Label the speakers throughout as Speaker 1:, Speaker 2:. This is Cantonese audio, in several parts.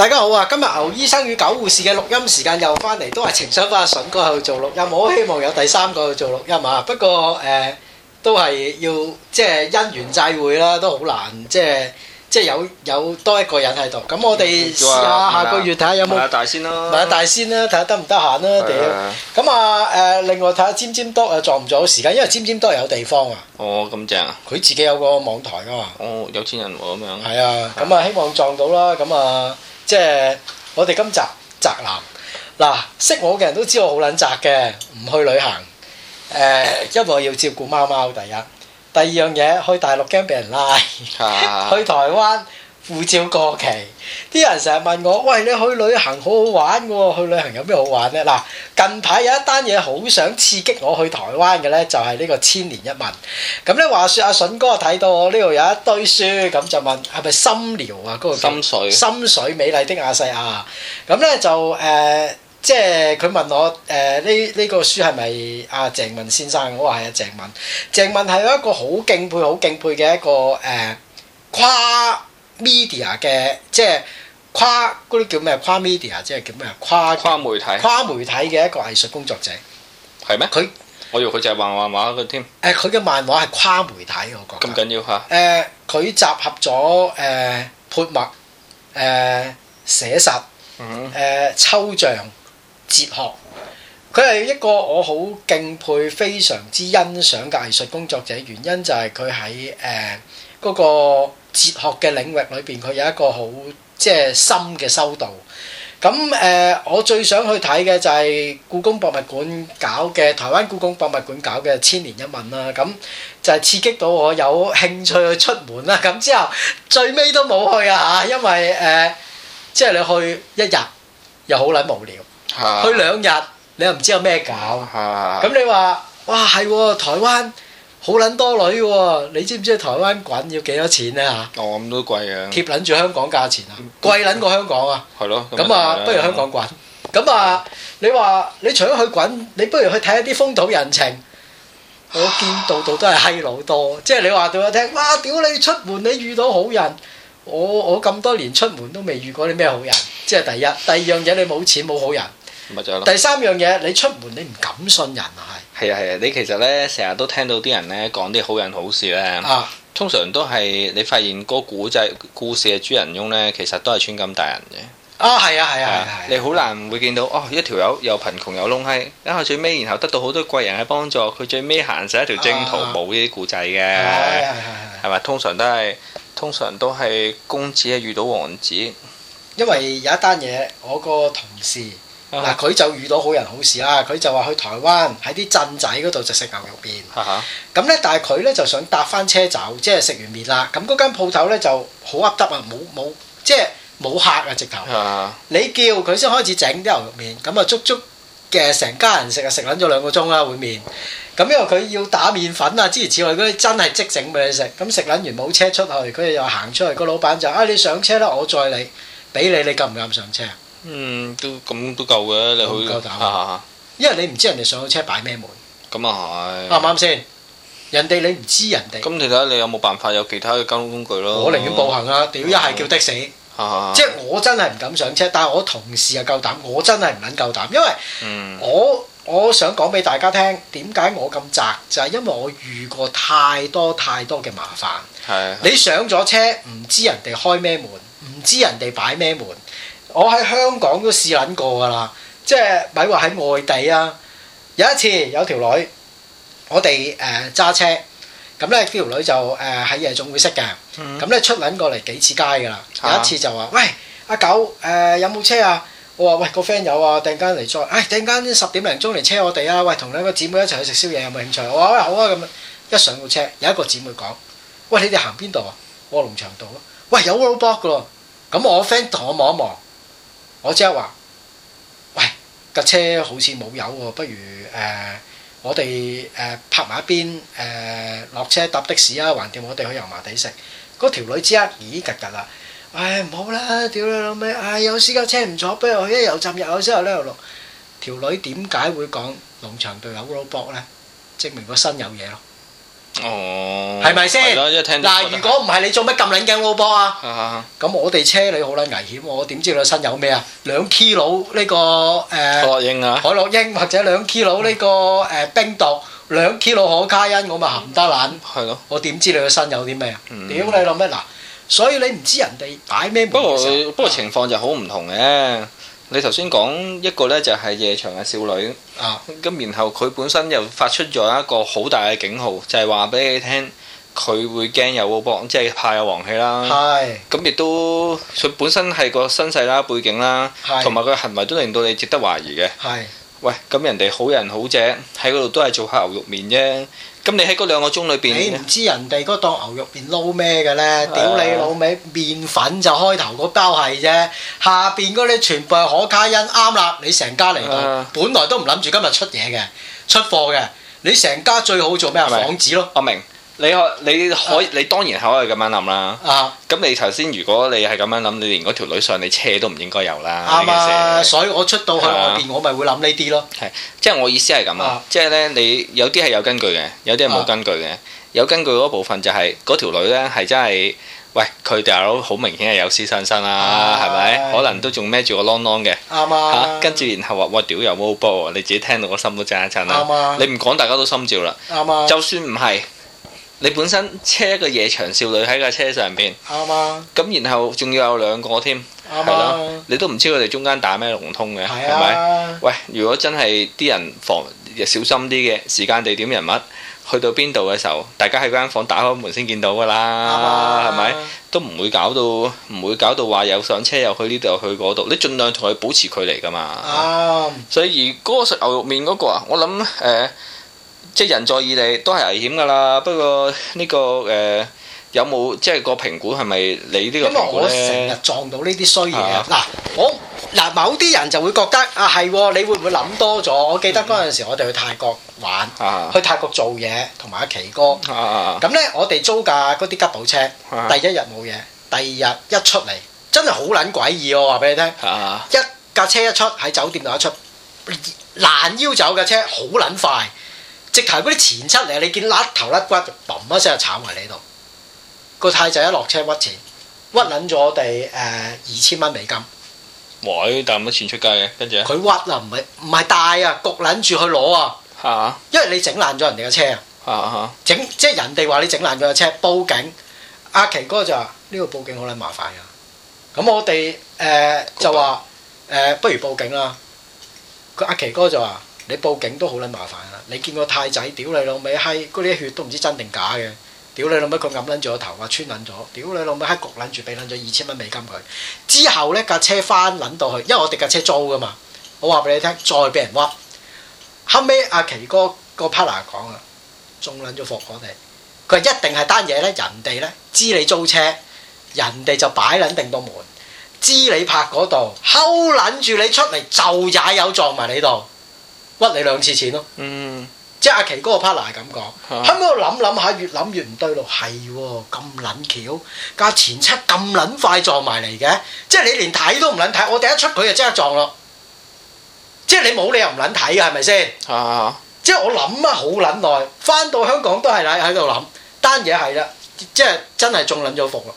Speaker 1: 大家好啊！今日牛醫生與狗護士嘅錄音時間又翻嚟，都係請翻阿順哥去做錄音。我希望有第三個去做錄音啊！不過誒、呃，都係要即係因緣際會啦，都好難，即係即係有有多一個人喺度。咁我哋試下下個月睇下有冇、嗯啊。大仙先啦，阿大仙啦，睇下得唔得閒啦。屌，咁啊，誒，另外睇下尖尖多誒撞唔撞到時間，因為尖尖多係有地方啊。
Speaker 2: 哦，咁正啊！佢自
Speaker 1: 己有個網台噶
Speaker 2: 嘛。哦，有錢人咁樣。係啊，咁
Speaker 1: 啊、嗯，希望撞到啦。咁啊。即係我哋今集宅男，嗱，識我嘅人都知我好撚宅嘅，唔去旅行，呃，因為我要照顧貓貓。第一，第二樣嘢去大陸驚俾人拉，
Speaker 2: 去
Speaker 1: 台灣。護照過期，啲人成日問我，喂，你去旅行好好玩嘅喎，去旅行有咩好玩咧？嗱，近排有一單嘢好想刺激我去台灣嘅咧，就係，是，呢，這個千年一問。咁咧話説阿，啊，筍哥睇到我呢度有一堆書，咁就問係咪心聊啊？嗰，那個心水，心水美麗的亞細亞。咁咧就誒、呃，即係佢問我誒呢呢個書係咪阿鄭問先生？我話係啊，鄭問。鄭問係一個好敬佩、好敬佩嘅一個誒跨。呃夸 media 嘅即係跨嗰啲叫咩啊？跨 media 即係叫咩啊？跨跨媒體跨媒體嘅一個藝術工作者係
Speaker 2: 咩？佢嗎他我以為佢就係漫畫畫嘅添。
Speaker 1: 誒、呃，佢嘅漫畫係跨媒體，我覺得
Speaker 2: 咁緊要嚇、啊。
Speaker 1: 誒、呃，佢集合咗誒潑墨、誒、呃、寫實、嗯、呃、抽象、哲學。佢係一個我好敬佩、非常之欣賞嘅藝術工作者。原因就係佢喺誒嗰個。呃那個哲學嘅領域裏邊，佢有一個好即係深嘅修道。咁誒、呃，我最想去睇嘅就係故宮博物館搞嘅，台灣故宮博物館搞嘅千年一問啦、啊。咁就係刺激到我有興趣去出門啦、啊。咁之後最尾都冇去啊，因為誒、呃，即係你去一日又好撚無聊，啊、去兩日你又唔知有咩搞。咁、啊、你話哇係喎、啊，台灣。好撚多女喎、啊！你知唔知台灣滾要幾多錢呢、啊？嚇？哦，咁都貴嘅、啊。貼撚住香港價錢啊！都貴撚過香港啊！
Speaker 2: 係咯、嗯，咁啊，不如香港
Speaker 1: 滾。咁、嗯、啊，你話你除咗去滾，你不如去睇一啲風土人情。唉我見度度都係閪佬多，唉即係你話對我聽，哇！屌你出門你遇到好人，我我咁多年出門都未遇過你咩好人。即係第一， 第二樣嘢你冇錢冇好人。第三樣嘢，你出門你唔敢信人，係。
Speaker 2: 係啊，係啊，你其實咧成日都聽到啲人咧講啲好人好事咧，通常都係你發現嗰個古仔故事嘅主人翁咧，其實都係穿金戴銀嘅。
Speaker 1: 啊係啊係啊係啊，
Speaker 2: 你好難會見到哦一條友又貧窮又窿閪，因為最尾然後得到好多貴人嘅幫助，佢最尾行曬一條征途冇呢啲故仔嘅，係咪？通常都係通常都係公子遇到王子。
Speaker 1: 因為有一單嘢，我個同事，嗱佢，啊、就遇到好人好事啦，佢就話去台灣喺啲鎮仔嗰度就食牛肉麵，咁，啊、呢，但係佢呢就想搭翻車走，即係食完麵啦，咁嗰間鋪頭咧就好噏得啊，冇冇即係冇客啊直頭，啊、你叫佢先開始整啲牛肉麵，咁啊足足嘅成家人食啊食撚咗兩個鐘啦碗麵，咁因為佢要打麵粉啊，諸如此類嗰啲真係即整俾你食，咁食撚完冇車出去，佢哋又行出去。個老闆就，啊、哎，你上車啦，我載你，俾你，你敢唔敢上車嗯，都咁都夠嘅，你去夠膽，因為你唔知人哋上咗車擺咩門。咁啊係啱唔啱先？人哋你唔知人哋。咁其他你有
Speaker 2: 冇辦法有其他嘅交通工具咯？我寧願步行啊！屌一係叫的士，即係
Speaker 1: 我真係唔敢上車，但係我同事又夠膽。我真係唔撚夠膽，因為我我想講俾大家聽，點解我咁宅就係因為我遇過太多太多嘅麻煩。你上咗車唔知人哋開咩門，唔知人哋擺咩門。我喺香港都試撚過㗎啦，即係咪係話喺外地啊？有一次有條女，我哋誒揸車，咁咧呢條女就誒喺夜總會識嘅，咁咧、嗯、出撚過嚟幾次街㗎啦。有一次就話、啊：喂，阿狗，誒有冇車啊？我話：喂，個 friend 有啊，突然間嚟唉，突然間十點零鐘嚟車我哋啊。喂，同兩個姊妹一齊去食宵夜有冇興趣？我話：喂，好啊咁。一上到車，有一個姊妹講：喂，你哋行邊度啊？喎，龍翔道咯。喂，有 wall box 㗎咯。咁我 friend 同我望一望。我即刻話：喂，架車好似冇油喎，不如誒、呃，我哋誒、呃、泊埋一邊，誒、呃、落車搭的士啊，橫掂我哋去油麻地食。嗰、那、條、個、女即刻，咦？吉吉啦，唉、哎，唔好啦，屌你老味，唉、哎，有私家車唔坐，不如去一油站入去之後咧又落。條、那個、女點解會講農場對口老駁呢，證明個身有嘢咯。哦，係咪先？嗱，聽如果唔係的你做乜咁捻驚烏波啊？咁、啊啊啊、我哋車你好捻危險，我點知你個身有咩、這個呃、啊？兩 kilo 呢個誒，海洛英啊，海洛英或者兩 kilo 呢個誒、嗯呃、冰毒，兩 kilo 可卡因，行行的我咪含得捻？係咯，我點知你個身有啲咩啊？屌、嗯嗯、你諗咩嗱！所以你唔知人哋擺咩門嘅時候。不過不過情況就
Speaker 2: 好唔同嘅。你頭先講一個呢，就係夜場嘅少女，咁、啊、然後佢本身又發出咗一個好大嘅警號，就係話俾你聽，佢會驚有王，即係怕有王氣啦。咁、就、亦、是、是都佢本身係個身世啦、背景啦，同埋佢個行為都令到你值得懷疑嘅。是喂，咁人哋好人好姐喺嗰度都係做下牛肉麵啫。咁你喺嗰兩個鐘裏邊，你唔
Speaker 1: 知人哋嗰檔牛肉麵撈咩嘅咧？屌你、啊、老味，麵粉就開頭嗰包係啫，下邊嗰啲全部係可卡因，啱啦！你成家嚟到，啊、本來都唔諗住今日出嘢嘅，出貨嘅，你成家最好做咩啊？房子咯，我明。你可你可以
Speaker 2: 你當然係可以咁樣諗啦。啊，咁你頭先如果你係咁樣諗，你連嗰條女上你車都唔應該有啦。啱啊，所以我出到去外邊，我咪會諗呢啲咯。係，即係我意思係咁啊，即係呢，你有啲係有根據嘅，有啲係冇根據嘅。有根據嗰部分就係嗰條女呢，係真係，喂，佢大佬好明顯係有私生身啦，係咪？可能都仲孭住個啷啷嘅。啱啊。跟住然後話我屌有冇波，你自己聽到個心都震一震啦。你唔講大家都心照啦。就算唔係。你本身車一個夜場少女喺架車上邊，啱咁吧，然後仲要有兩個添，
Speaker 1: 啱啊吧！
Speaker 2: 你都唔知佢哋中間打咩龍通嘅，係咪吧？吧喂，如果真係啲人防小心啲嘅，時間、地點、人物，去到邊度嘅時候，大家喺間房打開門先見到㗎啦，係咪吧？吧都唔會搞到唔會搞到話有上車又去呢度去嗰度，你盡量同佢保持距離㗎嘛。
Speaker 1: 吧
Speaker 2: 所以而嗰個食牛肉麵嗰個啊，我諗誒。呃即係人在異地都係危險噶啦，不過呢、呢個誒、呃、有冇即係個評估係咪你呢個評估呢？因為我成日撞到呢啲衰嘢啊！嗱、
Speaker 1: 啊，我嗱、啊、某啲人就會覺得啊係，你會唔會諗多咗？我記得嗰陣時我哋去泰國玩，啊、去泰國做嘢，同埋阿奇哥。啊啊咁咧，我哋租架嗰啲吉普車，啊、第一日冇嘢，第二日一出嚟真係好撚詭異，我話俾你聽，啊、一架車一出喺酒店度一出攔腰走嘅車，好撚快。直頭嗰啲錢出嚟，你見甩頭甩骨，就砰一聲就慘埋你度。個太仔一落車屈錢，屈撚咗我哋誒二千蚊美金。喂，帶乜錢出街嘅？跟住佢屈啦，唔係唔係帶啊，焗撚住去攞啊。嚇！因為你哈哈哈哈整爛咗人哋嘅車啊。嚇嚇。整即係人哋話你整爛咗個車，報警。阿奇哥就話：呢個報警好撚麻煩㗎。咁我哋誒、呃、就話誒、呃，不如報警啦。佢阿奇哥就話。你報警都好撚麻煩啊！你見個太仔屌你老味閪，嗰啲血都唔知真定假嘅。屌你老味佢揞撚住個頭啊，穿撚咗！屌你老味閪焗撚住俾撚咗二千蚊美金佢。之後呢，架車翻撚到去，因為我哋架車租㗎嘛。我話俾你聽，再俾人屈。後尾阿奇哥個 partner 講啊，中撚咗伏我哋。佢一定係單嘢呢，人哋呢，知你租車，人哋就擺撚定到門。知你泊嗰度，睺撚住你出嚟就也有撞埋你度。屈你兩次錢咯，即係阿奇嗰個 partner 係咁講，後尾我諗諗下，越諗越唔對路，係喎，咁撚巧，價錢出咁撚快撞埋嚟嘅，即係你連睇都唔撚睇，我第一出佢就即刻撞咯，即係你冇理由唔撚睇嘅係咪先？即係我諗啊，好撚耐，翻到香港都係喺喺度諗，單嘢係啦，即係真係中撚咗伏啦。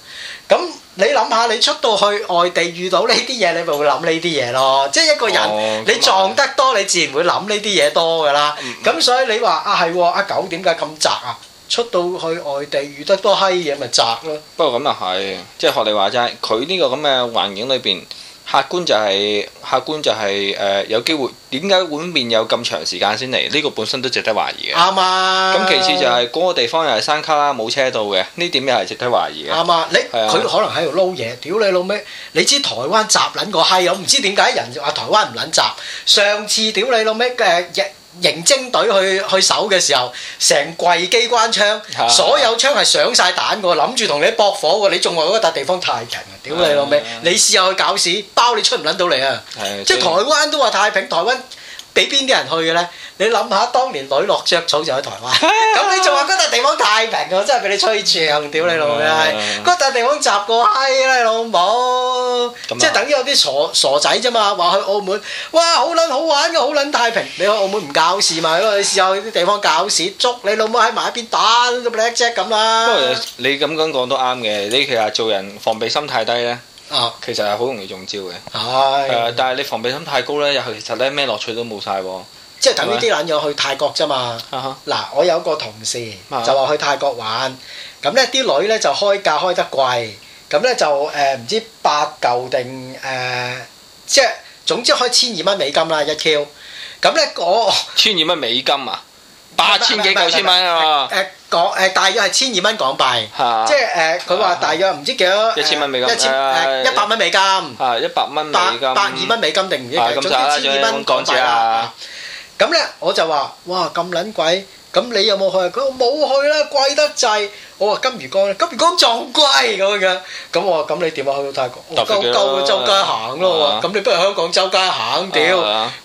Speaker 1: 咁你諗下，你出到去外地遇到呢啲嘢，你咪會諗呢啲嘢咯。即係一個人，哦、你撞得多，嗯、你自然會諗呢啲嘢多噶啦。咁、嗯、所以你話啊，係阿九點解咁宅啊？麼麼窄出到去外地遇得多閪嘢，咪宅咯。
Speaker 2: 不過咁又係，即係學你話齋，佢呢個咁嘅環境裏邊。客觀就係、是、客觀就係、是、誒、呃、有機會點解碗麵有咁長時間先嚟？呢、這個本身都值得懷疑
Speaker 1: 嘅。啱啊吧！咁其次就係、是、
Speaker 2: 嗰、那個地方又係山卡啦，冇車到嘅，呢點又係值得懷疑嘅。啱啊！你佢可
Speaker 1: 能喺度撈嘢，屌你老味！你知台灣雜撚個閪，我唔知點解人話台灣唔撚雜。上次屌你老味嘅。Uh, 營徵隊去去守嘅時候，成櫃機關槍，的所有槍係上晒彈嘅喎，諗住同你搏火嘅，你仲話嗰笪地方太平啊？屌你老味，的你試下去搞事，包你出唔撚到嚟啊！即係台灣都話太平，台灣。俾邊啲人去嘅咧？你諗下，當年女落雀草就喺台灣，咁你仲話嗰笪地方太平啊？真係俾你吹脹，屌你老母！嗰笪地方雜過閪啦，你老母！即係等於有啲傻傻仔啫嘛，話去澳門，哇，好撚好玩嘅，好撚太平。你去澳門唔搞事咪咯？你試下啲地方搞事，捉你老母喺埋一邊打，都俾一隻咁啦。不過
Speaker 2: 你咁講講都啱嘅，你其實做人防備心太低咧。啊，其實係好容易中招嘅，係唉，但係你防備心太高咧，又其，其實咧咩樂趣都冇晒喎。
Speaker 1: 即係等呢啲癲癲去泰國啫嘛。嗱、啊，啊、我有個同事、啊、就話去泰國玩，咁咧啲女咧就開價開得貴，咁咧就誒唔、呃、知八舊定誒，即、呃、係總、呃、總之開千二蚊美金啦一條。咁咧嗰千二蚊美金啊，八千幾九千蚊啊，啊。啊啊啊啊啊啊講誒大約係千二蚊港幣，即係誒佢話大約唔知幾多、啊呃、一千蚊、啊、美金，一千誒一百
Speaker 2: 蚊美金，係一百蚊美金，百二蚊美
Speaker 1: 金定唔知幾多？總之啦，千二蚊港幣啦，咁咧我就話：哇，咁撚貴，咁你有冇去？佢冇去啦，貴得滯。我話金魚缸咧，金魚缸撞龜咁樣，咁我話咁你點啊去到泰國？我兜兜咗周街行咯喎，咁你不如香港周街行屌！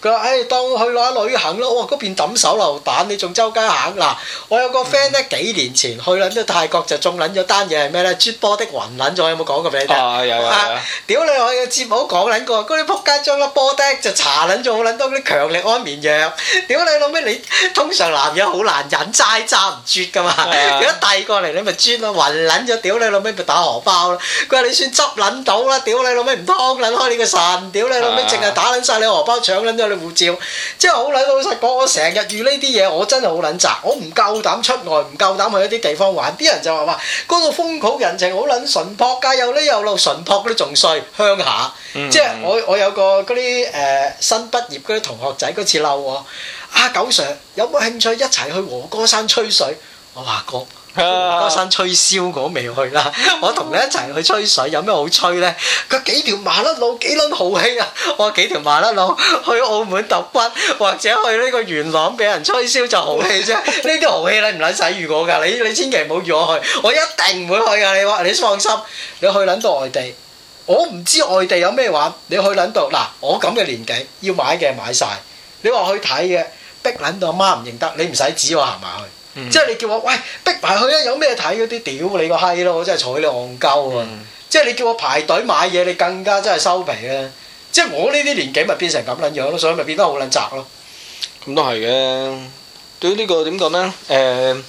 Speaker 1: 佢話：唉，當去嗱旅行咯，哇！嗰邊抌手榴彈，你仲周街行嗱？我有個 friend 咧，幾年前去撚咗泰國就中撚咗單嘢係咩咧？絕波的雲撚咗，有冇講過俾你聽？啊有有啊！屌你，我有節目講撚過，嗰啲撲街將粒波的就查撚咗好撚多嗰啲強力安眠藥，屌你老味！你通常男人好難忍齋揸唔絕噶嘛，如果遞過嚟你。咪磚咯，暈撚咗，屌你老味！咪打荷包咯。佢話你算執撚到啦，屌你老味唔劏撚開你個腎，屌你老味淨係打撚晒你荷包，搶撚咗你護照。即係好撚老實講，我成日遇呢啲嘢，我真係好撚雜，我唔夠膽出外，唔夠膽去一啲地方玩。啲人就話話嗰度風土人情好撚淳樸㗎，又呢又路淳樸啲仲衰，鄉下。即係我我有個嗰啲誒新畢業嗰啲同學仔嗰次嬲我，阿九 sir 有冇興趣一齊去和歌山吹水？我話哥。」高山吹簫我都未去啦，我同你一齊去吹水有咩好吹呢？佢幾條麻甩佬幾撚豪氣啊？我幾條麻甩佬去澳門揼骨，或者去呢個元朗俾人吹簫就豪氣啫。呢啲豪氣你唔撚使預我㗎，你你千祈唔好預我去，我一定唔會去㗎。你話你放心，你去撚到外地，我唔知外地有咩玩。你去撚到嗱，我咁嘅年紀要買嘅買晒，你話去睇嘅逼撚到阿媽唔認得，你唔使指我行埋去。即係你叫我喂逼埋去啊！有咩睇嗰啲屌你個閪咯！我真係睬你戇鳩啊！即係你叫我排隊買嘢，你更加真係收皮啊！即係我呢啲年紀咪變成咁撚樣咯，所以咪變得好撚雜咯。
Speaker 2: 咁都係嘅。對於呢個點講咧？誒，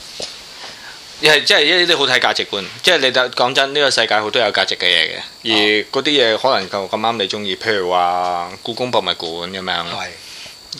Speaker 2: 係即係呢啲好睇價值觀。即係你講真，呢個世界好多有價值嘅嘢嘅，而嗰啲嘢可能就咁啱你中意。譬如話，故宮博物館咁樣。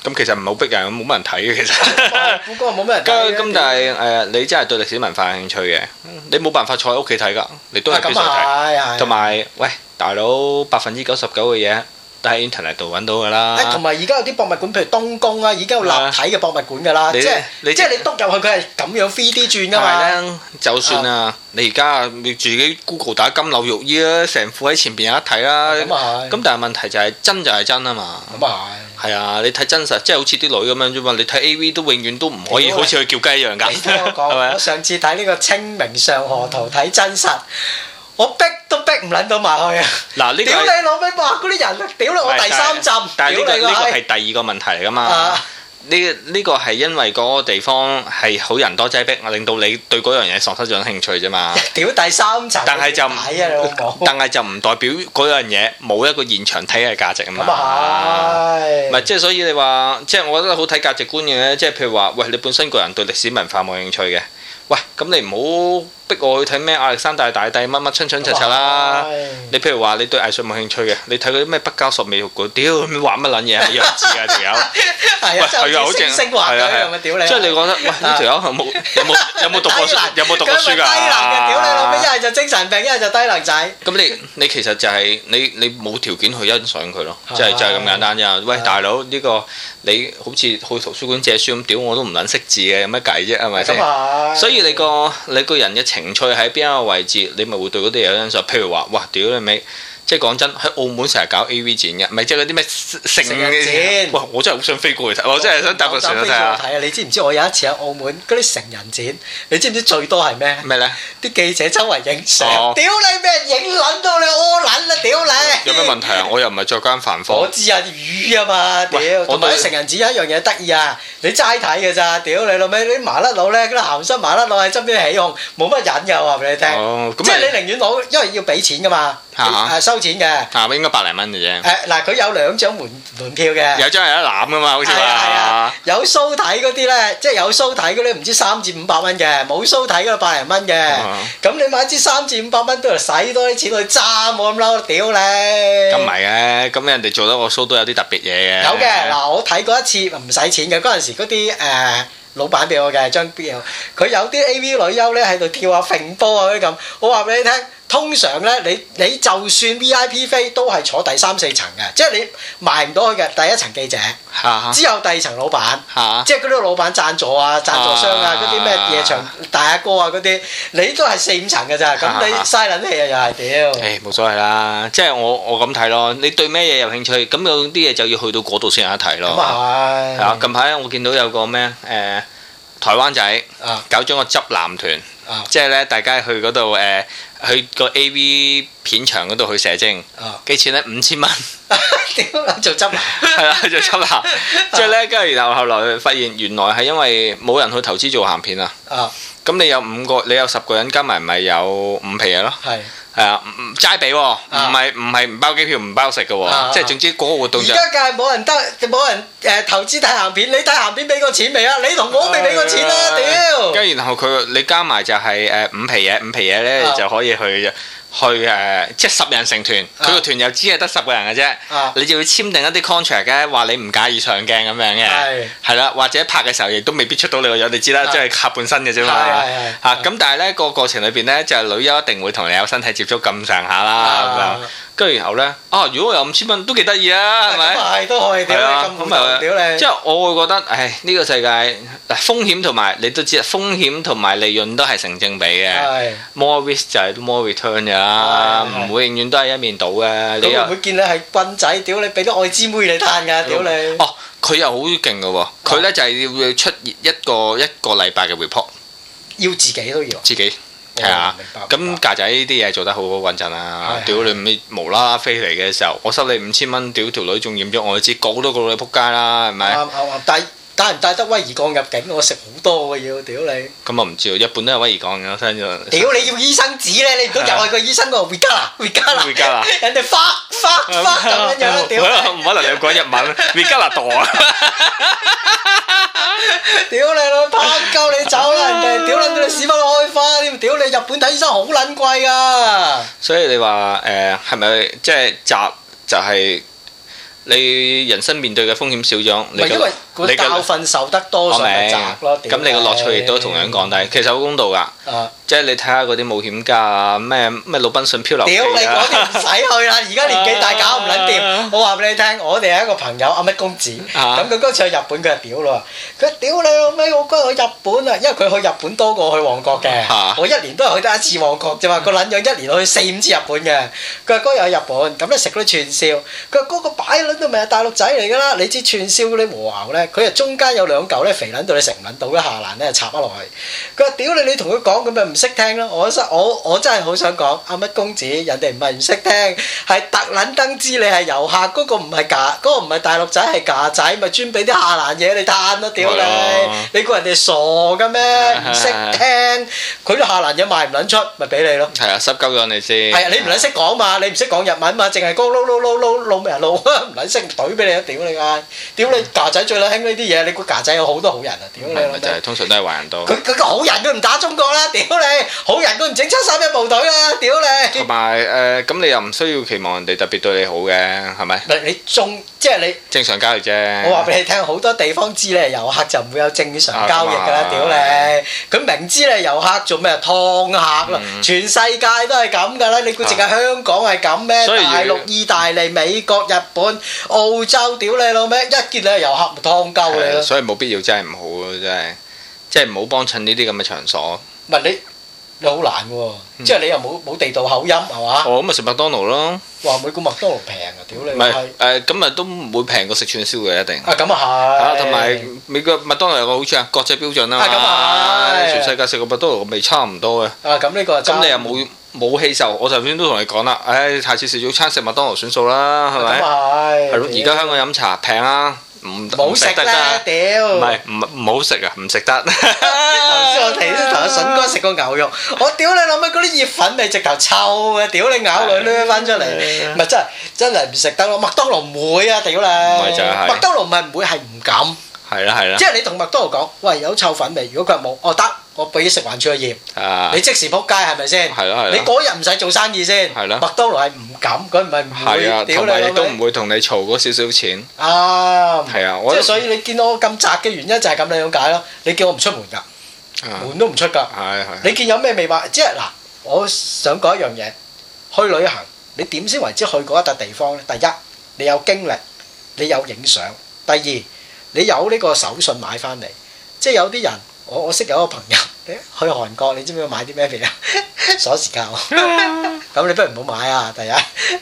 Speaker 2: 咁其實唔係好逼人，冇乜人睇嘅其實。不過冇咩人睇。咁但係誒，你真係對歷史文化有興趣嘅，你冇辦法坐喺屋企睇㗎，你都必須睇。同埋，喂，大佬，百分之九十九嘅嘢都喺 internet 度揾到㗎啦。同
Speaker 1: 埋而家有啲博物館，譬如東宮啊，已經有立體嘅博物館㗎啦。即係即係你篤入去，佢係咁樣 3D 轉㗎嘛。
Speaker 2: 就算啊，你而家你自己 Google 打金柳玉衣啊，成副喺前邊有一睇啦。咁但係問題就係真就係真啊嘛。係啊，你睇真實，即係好似啲女咁樣啫嘛。你睇 A V 都永
Speaker 1: 遠都唔可以好似佢叫雞一樣㗎。 係咪我上次睇呢個清明上河圖睇真實，我逼都逼唔撚到埋去啊！嗱、這個，你屌你老味，話！嗰啲人屌你，我第三集屌是你但、這個嚇！係、哎、
Speaker 2: 第二個問題嚟㗎嘛。啊呢呢個係因為嗰個地方係好人多擠迫，令到你對嗰樣嘢喪失咗興趣啫嘛。屌第
Speaker 1: 三層，但係就
Speaker 2: 唔，但係就唔代表嗰樣嘢冇一個現場睇嘅價值啊嘛。唔
Speaker 1: 係，
Speaker 2: 唔係即係所以你話，即係我覺得好睇價值觀嘅咧，即係譬如話，喂你本身個人對歷史文化冇興趣嘅，喂咁你唔好。逼我去睇咩亞歷山大大帝乜乜春春柒柒啦！你譬如話你對藝術冇興趣嘅，你睇嗰啲咩畢加索美術館，屌玩乜撚嘢啊！弱智啊條友，喂係啊好正，係啊即係你覺得喂條友
Speaker 1: 有冇有冇讀過書有冇讀過
Speaker 2: 書，㗎低能嘅，屌你老味，一係就精神病，一係就低能
Speaker 1: 仔。咁
Speaker 2: 你你其實就係你你冇條件去欣賞佢咯，就係就係咁簡單啫。喂大佬，呢個你好似去圖書館借書咁，屌我都唔撚識字嘅，有乜計啫？係咪先？所以你個你個人嘅情情趣喺邊一個位置，你咪會對嗰啲有因素。譬如話：哇，屌你咪～即係講真，喺澳門成日搞 A.V. 展嘅，唔係即係嗰啲咩成人展。哇！我真係好想飛過去睇，我真係想搭個船去睇
Speaker 1: 啊！你知唔知我有一次喺澳門嗰啲成人展？你知唔知最多係咩？咩咧？啲記者周圍影相，屌你！俾人影撚到你屙撚啦！屌你！有咩
Speaker 2: 問題啊？我又唔係著間飯坊。我知
Speaker 1: 啊，魚啊嘛，屌！同埋成人展有一樣嘢得意啊，你齋睇嘅咋？屌你老味！啲麻甩佬咧，嗰啲鹹濕麻甩佬喺側邊起鬨，冇乜癮嘅我話俾你聽。哦，咁即係你寧願攞，因為要俾錢㗎嘛。嚇！收。錢
Speaker 2: 嘅吓，應該百零蚊嘅啫。誒，
Speaker 1: 嗱，佢有兩張門門票嘅。有
Speaker 2: 張係一籃啊嘛，好似係啊。
Speaker 1: 有 show 睇嗰啲咧，即係有 show 睇嗰啲唔知三至五百蚊嘅，冇 show 睇嗰個百零蚊嘅。咁你買支三至五百蚊都嚟使多啲錢去揸，冇咁嬲，屌你！咁唔係
Speaker 2: 嘅，咁人哋做得個 show 都有啲特別嘢嘅。有嘅，嗱，
Speaker 1: 我睇過一次唔使錢嘅，嗰陣時嗰啲誒老闆俾我嘅張票，佢有啲 A V 女優咧喺度跳下泳波啊嗰啲咁，我話俾你聽。通常咧，你你就算 VIP 飛都係坐第三四層嘅，即係你埋唔到去嘅第一層記者，之後第二層老闆，即係嗰啲老闆贊助啊、贊助商啊、嗰啲咩夜場大阿哥啊嗰啲，你都係四五層嘅咋，咁你嘥撚氣啊又係屌。
Speaker 2: 誒冇所謂啦，即係我我咁睇咯，你對咩嘢有興趣，咁有啲嘢就要去到嗰度先有得睇咯。咁啊係，係啊近排我見到有個咩誒台灣仔搞咗個執男團。即係咧，大家去嗰度，誒、呃，去個 A.V. 片場嗰度去寫真，哦、幾錢咧？五千蚊，
Speaker 1: 屌，做執笠，
Speaker 2: 係啦，做執笠。之後咧，跟住然後後來發現，原來係因為冇人去投資做鹹片啊。啊、哦，咁你有五個，你有十個人加埋，咪有五皮嘢咯。係。係、呃哦、啊，齋俾喎，唔係唔係唔包機票唔包食嘅喎、哦，啊、即係總之嗰個活動。而家梗
Speaker 1: 係冇人得，冇人誒、呃、投資睇咸片，你睇咸片俾過錢未啊？你同我都未俾過錢啊？
Speaker 2: 屌！咁然後佢你加埋就係誒五皮嘢，五皮嘢咧就可以去去誒、呃，即係十人成團，佢個、啊、團又只係得十個人嘅啫，啊、你就要簽訂一啲 contract 嘅，話你唔介意上鏡咁樣嘅，係啦是，或者拍嘅時候亦都未必出到你個樣，你知啦，即係的下半身嘅啫嘛，嚇咁的，但係呢個過程裏邊呢，就係女優一定會同你有身體接觸咁上下啦。跟住然後咧，啊！如果有五千蚊都幾得意啦，係咪？都係都可以，屌你咁唔夠，屌你！即係我會覺得，唉！呢個世界嗱風險同埋你都知，風險同埋利潤都係成正比嘅。係。More risk 就係 more return 啫，唔會永遠都係一面倒嘅。咁會唔會
Speaker 1: 見你係棍仔？屌你，俾啲愛滋妹你嘆㗎，屌你！哦，
Speaker 2: 佢又好勁㗎喎，佢咧就係要出現一個一個禮拜嘅 report。
Speaker 1: 要自己都要。
Speaker 2: 自己。係啊，咁架仔啲嘢做得好好穩陣啊！屌你咪無啦啦飛嚟嘅時候，我收你五千蚊，屌條女仲染咗，我知，個個都個,個,個,個女仆街啦，係咪？
Speaker 1: 帶唔帶得威爾鋼入境？我食好多嘅嘢，屌你！
Speaker 2: 咁我唔知喎，日本都有威爾鋼嘅，聽咗。屌你要
Speaker 1: 醫生紙咧，你唔通又係個醫生個 Vicla
Speaker 2: Vicla？Vicla，
Speaker 1: 人哋花花花咁樣樣，屌！
Speaker 2: 唔可能兩個人日文，Vicla 黨啊！
Speaker 1: 屌你老，拍夠你走啦！人哋屌撚佢屎忽都開花添，屌你！日本睇醫生好撚貴㗎。
Speaker 2: 所以你話誒係咪即係雜就係？你人生面對嘅風險少咗，你嘅教
Speaker 1: 訓受得多咗咪？咁你嘅樂趣亦都同樣
Speaker 2: 降低，其實好公道㗎。即係你睇下嗰啲冒險家啊，咩咩魯賓遜漂流。屌你，我哋唔使去啦！而家年紀大搞唔撚掂。我話
Speaker 1: 俾你聽，我哋係一個朋友阿咪公子。咁佢嗰次去日本，佢係屌咯，佢屌你老味，我嗰日去日本啊，因為佢去日本多過去旺角嘅。我一年都係去得一次旺角啫嘛，個撚樣一年去四五次日本嘅。佢話嗰日又去日本，咁你食咗串燒。佢話哥個擺都咪係大陸仔嚟㗎啦！你知串燒嗰啲和牛咧，佢係中間有兩嚿咧肥撚，到你食唔撚到咧，下欄咧插咗落去。佢話：屌你！你同佢講，咁咪唔識聽咯。我想我我真係好想講，阿乜公子，人哋唔係唔識聽，係特撚登知你係遊客。嗰個唔係㗎，嗰個唔係大陸仔，係㗎仔，咪專俾啲下欄嘢你嘆咯。屌你！你估人哋傻嘅咩？唔識聽，佢啲下欄嘢賣唔撚出，咪俾你咯。
Speaker 2: 係啊，濕鳩咗你先。係啊，你唔
Speaker 1: 撚識講嘛？你唔識講日文嘛？淨係講撈撈撈撈撈命撈，唔撚。識隊俾你啊！屌你啊，屌你架仔最撚興呢啲嘢，你估架仔有好多好人啊？屌你！係咪就
Speaker 2: 係通常都係壞人多？佢
Speaker 1: 佢個好人佢唔打中國啦！屌你，好人都唔整七三一部隊啦！屌你！同
Speaker 2: 埋誒，咁你又唔需要期望人哋特別對你好嘅，係咪？唔係你
Speaker 1: 仲即係你
Speaker 2: 正常交易啫。我話俾你
Speaker 1: 聽，好多地方知你係遊客就唔會有正常交易㗎啦！屌你，佢明知你係遊客做咩啊？㓥客咯！全世界都係咁㗎啦，你估淨係香港係咁咩？大陸、意大利、美國、日本。澳洲屌你老味，一見你係遊客咪劏鳩你咯，所
Speaker 2: 以冇必要真係唔好咯，真係即係唔好幫襯呢啲咁嘅場所。唔
Speaker 1: 係你你好難喎，即係你又冇冇地道口音係
Speaker 2: 嘛？我，咁咪食麥當勞咯。
Speaker 1: 哇！每個麥當
Speaker 2: 勞平啊，屌你唔係誒咁咪都唔會平過食串燒嘅一定。
Speaker 1: 啊咁啊係。嚇，同埋
Speaker 2: 美國麥當勞有個好處啊，國際標準啦嘛。啊咁啊係。全世界食個麥當勞味差唔多嘅。啊咁呢個。咁你又冇。冇氣受，我頭先都同你講啦，唉，下次食早餐食麥當勞算數啦，係咪？咁
Speaker 1: 係。係咯，而家香港
Speaker 2: 飲茶平啊，唔唔食得真
Speaker 1: 屌。唔係
Speaker 2: 唔唔好食啊，唔食得。
Speaker 1: 頭先我頭先同阿筍哥食個牛肉，我屌你，諗乜嗰啲熱粉味直頭臭嘅，屌你咬佢攣翻出嚟，咪真係真係唔食得咯，麥當勞唔會啊屌你。唔係就麥當勞唔係唔會係唔敢。
Speaker 2: 係啦係啦。即係
Speaker 1: 你同麥當勞講，喂有臭粉味，如果佢冇，哦得。我俾食還錯鹽，你即時撲街係咪先？係咯係咯，你嗰日唔使做生意先，麥當勞係唔敢，佢唔係唔會。係啊，同你都唔會同你嘈
Speaker 2: 嗰少少錢。
Speaker 1: 啱，係啊，即係所以你見到我咁宅嘅原因就係咁樣解咯。你叫我唔出門㗎，門都唔出㗎。係係，你見有咩未話？即係嗱，我想講一樣嘢，去旅行你點先為之去過一笪地方咧？第一，你有經歷，你有影相；第二，你有呢個手信買翻嚟。即係有啲人。我我識有一個朋友。去韓國你知唔知要買啲咩肥啊鎖匙扣？咁 你不如唔好買啊！第日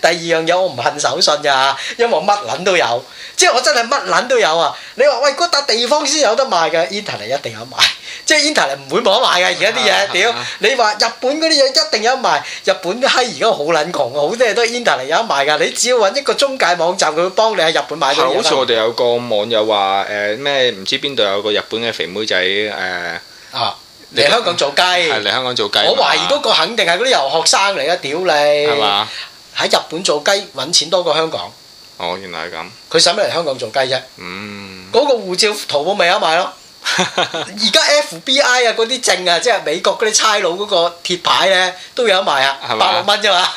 Speaker 1: 第二樣嘢我唔恨手信㗎嚇，因為我乜撚都有，即係我真係乜撚都有啊！你話喂嗰笪、那個、地方先有得賣嘅，internet 一定有賣，即係 internet 唔會冇得賣嘅。而家啲嘢，屌你話日本嗰啲嘢一定有賣，日本都閪而家好撚窮，好多嘢都 internet 有得賣㗎。你只要揾一個中介網站，佢會幫你喺日本買到。好似我
Speaker 2: 哋有個網友話誒咩唔知邊度有個日本嘅肥妹仔誒、呃、啊！嚟香港做雞，係嚟香港做雞。我懷疑嗰
Speaker 1: 個肯定係嗰啲遊學生嚟啊！屌你，係嘛吧？喺日本做雞揾錢多過香港。哦，原來係咁。佢使咩嚟香港做雞啫？嗯。嗰個護照淘寶咪有買咯？而家 FBI 啊，嗰啲證啊，即係美國嗰啲差佬嗰個鐵牌咧，都有得賣啊，百六蚊啫嘛，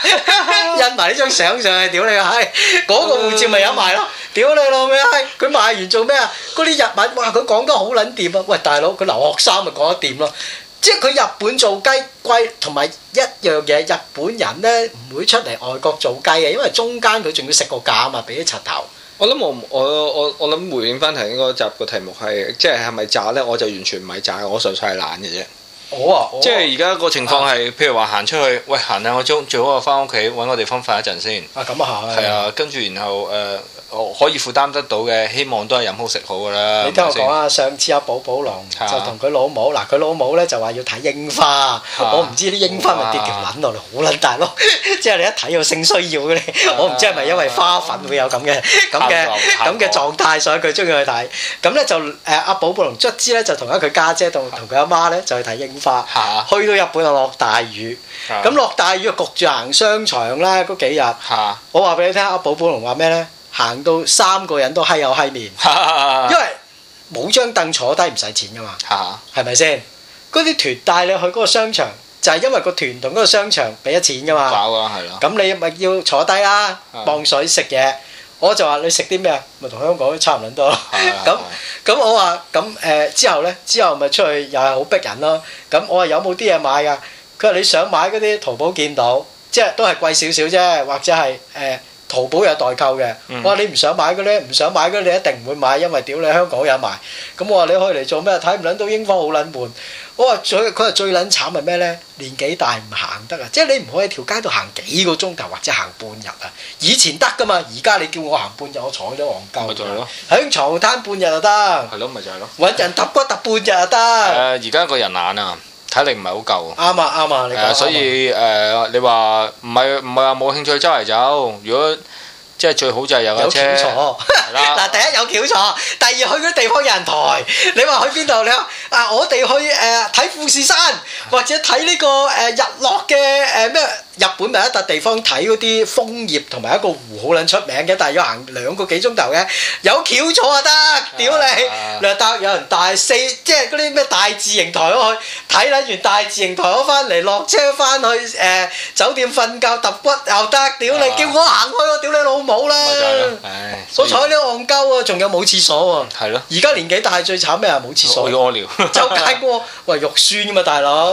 Speaker 1: 印埋呢張相上去，屌你閪，嗰個護照咪有賣咯，屌你老味，佢賣完做咩啊？嗰啲日文，哇，佢講得好撚掂啊，喂，大佬，佢留學生咪講得掂咯，即係佢日本做雞貴，同埋一樣嘢，日本人咧，唔會出嚟外國做雞嘅，因為中間佢仲要食個價啊嘛，俾啲賊頭。
Speaker 2: 我諗我我我諗回應翻題呢個集個題目係，即係係咪炸呢？我就完全唔係炸，我純粹係懶嘅啫、啊。我啊，即係而家個情況係，啊、譬如話行出去，喂行兩個鍾，最好啊翻屋企揾個地方瞓一陣先。
Speaker 1: 啊咁啊嚇！係啊，
Speaker 2: 跟住然後誒。呃可以負擔得到嘅，希望都係飲好食好噶啦。你聽我講啊，
Speaker 1: 上次阿寶寶龍就同佢老母嗱，佢老母咧就話要睇櫻花。我唔知啲櫻花咪跌條撚落嚟，好撚大咯！即係你一睇又性需要嘅咧。我唔知係咪因為花粉會有咁嘅咁嘅咁嘅狀態，所以佢中意去睇。咁咧就誒阿寶寶龍卒之咧就同咗佢家姐同同佢阿媽咧就去睇櫻花。去到日本又落大雨。嚇！咁落大雨又焗住行商場啦，嗰幾日。我話俾你聽，阿寶寶龍話咩咧？行到三個人都嗨有嗨面， 因為冇張凳坐低唔使錢噶嘛，係咪先？嗰啲團帶你去嗰個商場，就係、係、因為個團同嗰個商場俾咗錢噶嘛，搞啊係咯。咁你咪要坐低啦、啊，傍的水食嘢。我就話你食啲咩啊？咪同香港差唔多咯。咁 咁的 我話咁誒之後呢？之後咪出去又係好逼人咯。咁我話有冇啲嘢買噶？佢話你想買嗰啲淘寶見到，即係都係貴少少啫，或者係誒。呃淘寶有代購嘅，嗯、我話你唔想買嘅咧，唔想買嘅你一定唔會買，因為屌你香港有賣。咁我話你可以嚟做咩？睇唔撚到英方好撚悶。我話最佢話最撚慘係咩咧？年紀大唔行得啊，即係你唔可以喺條街度行幾個鐘頭或者行半日啊。以前得㗎嘛，而家你叫我行半日，我坐咗黃牛咪就係咯。喺床攤半日就得，係咯，咪就係、是、咯，揾人揼骨揼半日
Speaker 2: 就得。誒，而家個人懶啊。體力唔係
Speaker 1: 好夠啊！啱啊啱啊，所以
Speaker 2: 誒，你話唔係唔係話冇興趣周圍走？如果即係最好就係有架車，係啦。
Speaker 1: 嗱，第一有轎坐，第二去嗰啲地方有人抬。你話去邊度？你話啊，我哋去誒睇富士山，或者睇呢個誒日落嘅誒咩？日本咪一笪地方睇嗰啲楓葉同埋一個湖好撚出名嘅，但係要行兩個幾鐘頭嘅，有橋坐就得，屌你！又搭有人大四，即係嗰啲咩大字型台嗰去睇睇完大字型台嗰翻嚟落車翻去誒酒店瞓覺揼骨又得，屌你！叫我行開我屌你老母啦！所我踩啲戇鳩啊，仲有冇廁所喎？係咯，而家年紀大最慘咩啊？冇廁所，要屙尿。周街哥喂肉酸啊嘛，大佬！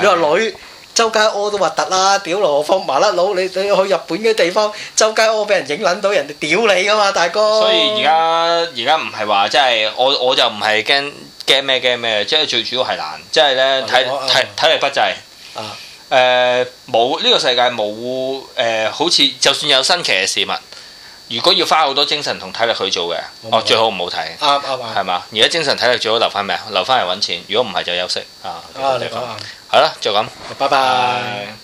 Speaker 1: 你話女？周街屙都核突啦，屌咯！何況麻甩佬，你你去日本嘅地方，周街屙俾人影撚到，人哋屌你噶嘛，大哥！所以而家
Speaker 2: 而家唔係話即係我我就唔係驚驚咩驚咩，即係最主要係難，即係咧睇體體力不濟。啊！誒冇呢個世界冇誒、呃，好似就算有新奇嘅事物。如果要花好多精神同體力去做嘅，哦最好唔好睇，啱啱係嘛。而、啊、家精神體力最好留翻咩啊？留翻嚟揾錢。如果唔係就休息啊，好啦，就咁，拜拜。拜拜。